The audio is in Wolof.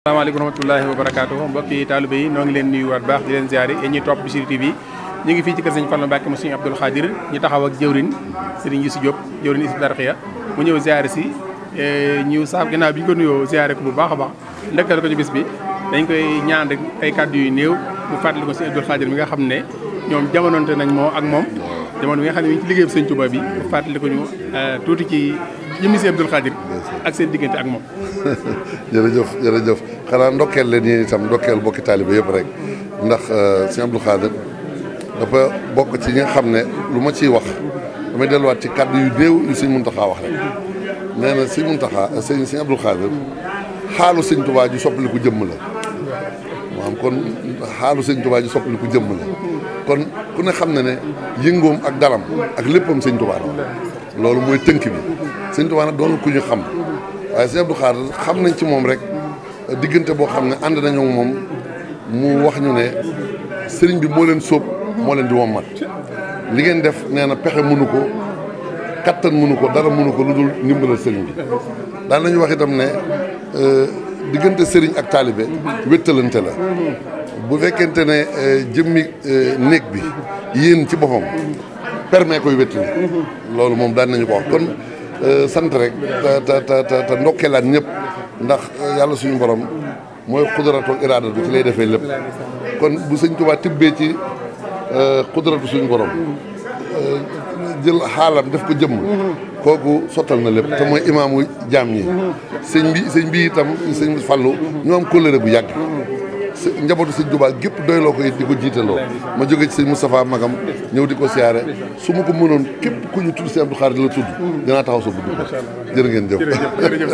asalaamaaleykum rahmatullahi wa barakaatu mbokk yi taalibe yi noo ngi leen nuyuwaat baax di leen ziare yéen ñuy topp Bichri TV ñu ngi fii ci kër sëñ Fallu Mbàkke mu sëñ Abdul Xaadir ñu taxaw ak jëwrin sëriñ Yusu Diop jëwrin Hizbut Tarqiyyah mu ñëw ziare si e, ñu saaf ginnaaw bi ñu ko nuyoo ziare ko bu baax a baax ndëkkal ko ci bis bi dañ koy ñaan rek ay kàddu yu néew mu fàttali ko sëñ Abdul Xaadir mi nga xam ne ñoom jamononte nañ moo ak moom jamono bi nga xam ne mi ngi ci liggéey sëñ bi fàttali ko ñu e, ci jëmmi sëñ Abdul Xaadir ak seen diggante ak moom. jërëjëf jërëjëf xanaa ndokkeel leen yéen itam ndokkeel bokki taalibe yëpp rek ndax euh, sëñ Abdou Khadir dafa bokk ci ñi nga xam ne lu ma ciy wax damay delluwaat ci kàddu yu néew yu sëñ Muntaxa wax rek nee na sëñ Muntaxa euh, sëñ sëñ Abdou Khadir xaalu sëñ Tuubaa ju soppaliku jëmm la maanaam kon xaalu sëñ Tuubaa ju soppaliku jëmm la kon ku ne xam na ne yëngoom ak dalam ak léppam sëñ Tuubaa la loolu mooy tënk bi sëñ Tuubaa nag doon ku ñu xam waaye sëñ Abdou Khadre xam nañ ci moom rek diggante boo xam ne ànd nañu moom mu wax ñu ne sëriñ bi moo leen sóob moo leen di wommat li ngeen def nee na pexe mënu ko kattan mënu ko dara mënu ko lu dul ndimbalal sëriñ bi daan nañu wax tam ne euh, diggante sëriñ ak taalibe wéttalante la bu fekkente ne euh, jëmmi euh, néeg bi yéen ci boppam permet koy wéttali loolu moom daan nañu ko wax kon euh, sant rek te te te te ndokkeelaat ñëpp ndax euh, yàlla suñu borom mooy xudaratu ak bi ci lay defee lépp kon bu sëñ Tuubaa tibbee ci xudaratu euh, suñu borom jël xaalam def ko jëmm kooku sottal na lépp te mooy imaamu jaam ñi sëñ bi sëñ bi itam sëñ Fallu ñoom am kóllëre bu yàgg njabootu sëñ Tuubaa gépp doyloo ko it di ko jiitaloo ma jóge ci sëñ Moustapha Magam ñëw di ko siyaare su ma ko mënoon képp ku ñu tudd si Abdou Khadre la tudd dinaa taxaw sa budd ko jërë ngeen jëf